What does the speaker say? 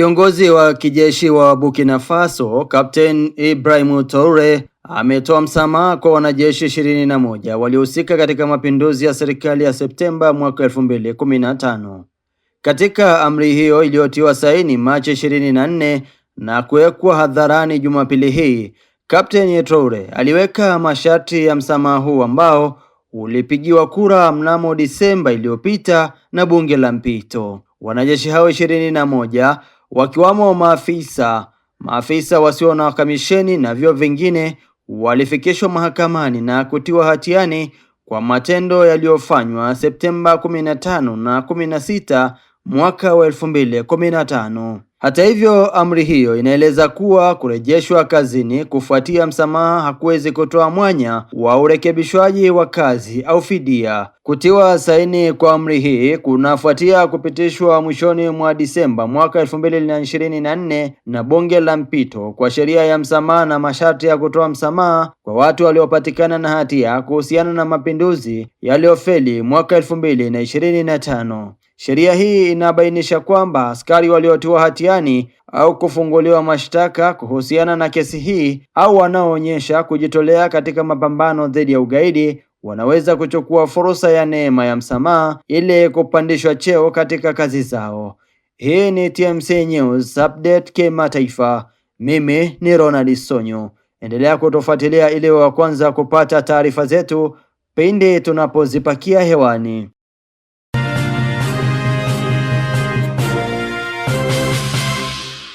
Kiongozi wa kijeshi wa Burkina Faso, Captain Ibrahim Traore ametoa msamaha kwa wanajeshi ishirini na moja waliohusika katika mapinduzi ya serikali ya Septemba mwaka 2015. Katika amri hiyo iliyotiwa saini Machi 24 na kuwekwa hadharani Jumapili hii, Captain Traore aliweka masharti ya msamaha huu ambao ulipigiwa kura mnamo Disemba iliyopita na bunge la mpito. Wanajeshi hao ishirini na moja wakiwamo maafisa maafisa wasio na kamisheni na vyo vingine walifikishwa mahakamani na kutiwa hatiani kwa matendo yaliyofanywa Septemba 15 na 16 mwaka wa 2015. Hata hivyo, amri hiyo inaeleza kuwa kurejeshwa kazini kufuatia msamaha hakuwezi kutoa mwanya wa urekebishwaji wa kazi au fidia, Kutiwa saini kwa amri hii kunafuatia kupitishwa mwishoni mwa Disemba mwaka 2024 na bunge la mpito kwa sheria ya msamaha na masharti ya kutoa msamaha kwa watu waliopatikana na hatia kuhusiana na mapinduzi yaliyofeli mwaka 2025. Sheria hii inabainisha kwamba askari waliotiwa hatiani au kufunguliwa mashtaka kuhusiana na kesi hii au wanaoonyesha kujitolea katika mapambano dhidi ya ugaidi wanaweza kuchukua fursa ya neema ya msamaha ili kupandishwa cheo katika kazi zao. Hii ni TMC News Update kimataifa. Mimi ni Ronald Sonyo. Endelea kutofuatilia ili wa kwanza kupata taarifa zetu pindi tunapozipakia hewani.